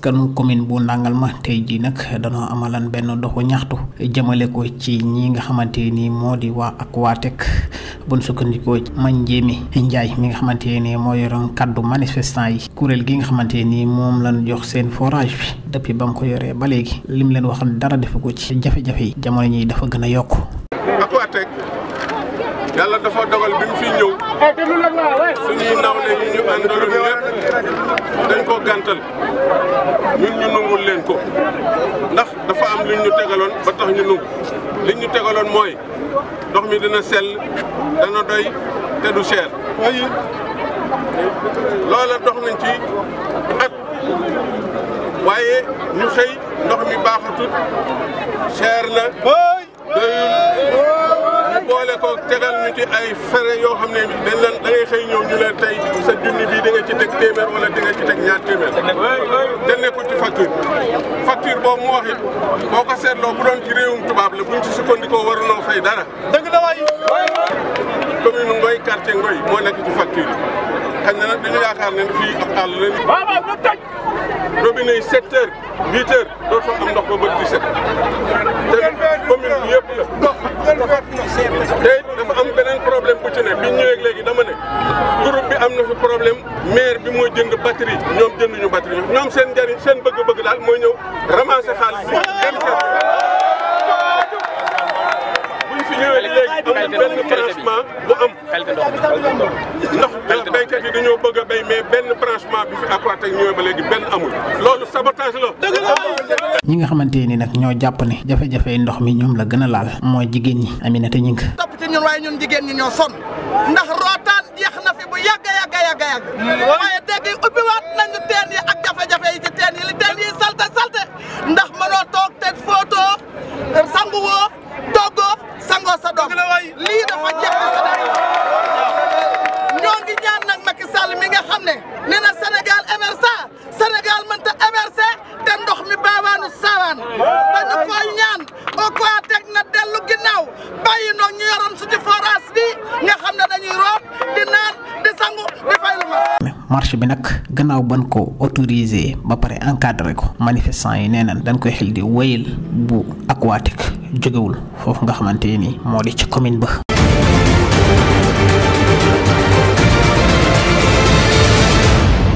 askanu commune bu Ndangalma tey jii nag danoo amalan benn doxu ñaxtu jëmale ko ci ñi nga xamante nii moo di waa Aquatec bu nu sukkandikoo mañ njéemi Njaay mi nga xamante ni moo yoroon kàddu manifestant yi kuréel gi nga xamante nii moom lañ jox seen forage bi depuis ba mu ko yoree ba léegi lim leen wax dara defu ko ci jafe-jafe yi jamono ñi dafa gën a yokk. yàlla dafa dogal bi mu fi ñëw suñuy nawle yi ñu àndaloon ñëpp dañ ko gàntal ñun ñu nungul leen ko ndax dafa am liñ ñu tegaloon ba tax ñu nungu liñ ñu tegaloon mooy ndox mi dina sell dana doy te du cher loola dox nañ ci at waaye ñu xëy ndox mi baaxatul cher na doyul lijjanti ay fere yoo xam ne dañ leen da ngay xëy ñëw ñu leen tey sa junni bii di nga ci teg téeméer wala di nga ci teg ñaar téeméer te nekkul ci facture facture boobu mu boo ko seetloo bu doon ci réewum tubaab la buñ ci sukkandikoo warunoo fay dara dëgg la waay commune Ngoy quartier Ngoy moo nekk ci facture yi xañ na nag dañu yaakaar ne fii ab àll la ni waaw waaw toj robinet yi sept heures huit heures dootul am ndox ba bët di set problème bu ci ne léegi dama ne groupe bi am na fi problème maire bi mooy jënd batterie ñoom jënduñu batterie ñoom seen njariñ seen bëgg-bëgg daal mooy ñëw ramasser xaalis bi dem fi ñëwee léegi am benn branchement bu am ndax béykat yi dañoo bëgg a béy benn branchement bi fi Aquatech ak ñëwee ba léegi benn amul loolu sabotage la ñi nga xamante ni nag ñoo jàpp ne jafe-jafe ndox mi ñoom la gën a laal mooy jigéen ñi Aminata Gningue ñun waaye ñun jigéen ñi ñoo sonn ndax rootaan jeex na fi bu yàgg yàgg yàgg yàgg waaye léegi ubbiwaat nañu teen yi ak jafe-jafe yi ci teen yi li teen yi salte salte ndax mënoo toog te photo sanguwoo toggoo sangoo sa doom lii dafa jeex ñoo ngi ñaan nag Macky Sall mi nga xam ne nee na Sénégal émergent Sénégal mënta émerger te ndox mi baawaanu saawaan dañu koy ñaan dellu ginnaaw bàyyi noog ñu yoroon suñu forage bi nga xam ne dañuy root di naan di sangu di ma marche bi nag gannaaw ban ko autorisé ba pare encadré ko manifestant yi nee nañ dañ koy xel di wéyal bu aquatique jógewul foofu nga xamante ni moo di ci commune ba